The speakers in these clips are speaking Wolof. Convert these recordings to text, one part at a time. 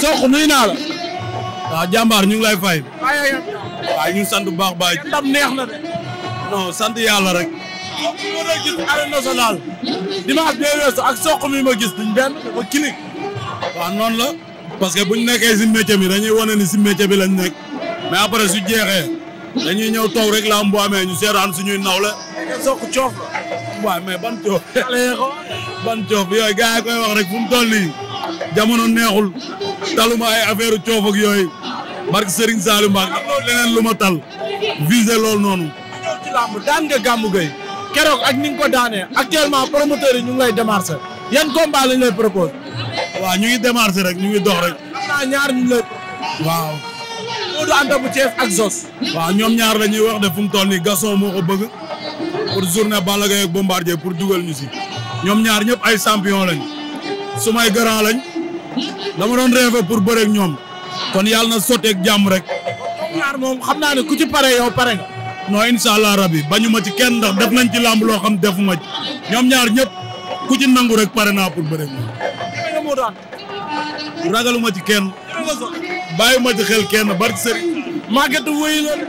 sox nuyu naa la. waaw jàmbaar ñu ngi lay fay. waaye sant bu baax baay. ndam neex na de. non sant yàlla rek. sox mi ma gis arène nationale. dimanche bee weesu ak sox mi ma gis duñ benn dafa kilig. waaw noonu la. parce que buñ nekkee si métier bi dañuy wone ni si métier bi lañ nekk. mais après su jeexee. dañuy ñëw toog rek la am bu amee ñu seeraan suñuy nawle. soq coof la. waaw mais ban coof. ban coof yooyu gars yi koy wax rek fu mu toll jamono neexul taluma ay affaire coof ak yooyu barke Serigne Saliou leneen lu ma tal visé loolu noonu. ci làmb daan nga Gamou Gueye keroog ak ni nga ko daanee actuellement promoteurs yi ñu ngi lay démarché yan combat lañ waa ñu ngi démarché rek ñu ngi dox rek. ñaar ñu lay. waaw. Modou Anta bu ak Zos. waaw ñoom ñaar la ñuy wax de fu mu toll nii Gasson moo ko bëgg pour journée Balla Gaye ak Bombardier pour dugal ñu si ñoom ñaar ñëpp ay champion lañ. sumay grand lañ dama doon rêvé pour bëreeg ñoom kon yàlla na sotteeg jàmm rek. ñaar moom xam naa ne ku ci pare yow pare nga. non incha allah rabi bañu ma ci kenn ndax def nañ ci làmb loo xam defu ma ñoom ñaar ñëpp ku ci nangu rek pare naa pour bëreeg moom. ragaluma ci kenn. bàyyi ma ci xel kenn barke sëriñ. màgget wuyu loolu.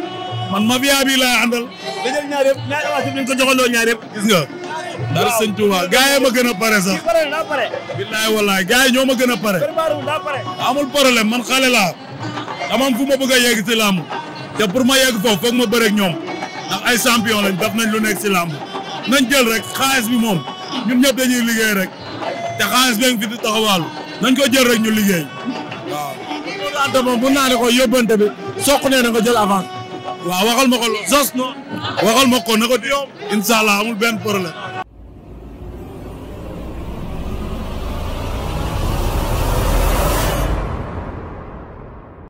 man mafia bi laa àndal. da jël ñaar yëpp ñaar ñaar yëpp nga. dara sëñ Touba gars yi ma a pare sax. billaay wallaay gars yi ñoo ma gën a pare. amul problème man xale laa. dama am fu ma bëgg a yegg si làmb. te pour ma yegg foofu foog ma bëre ak ñoom. ndax ay champion lañ daf nañ lu nekk si làmb. nañ jël rek xaalis bi moom ñun ñëpp dañuy liggéey rek. te xaalis bi ngi fi di taxawaalu. nañ ko jël rek ñu liggéey. waaw. loolu laata moom bu naanee ko yóbbante bi. soq na nga jël avance. waaw waxal ma ko Zos no waxal ma ko na ko di yomb. amul benn problème.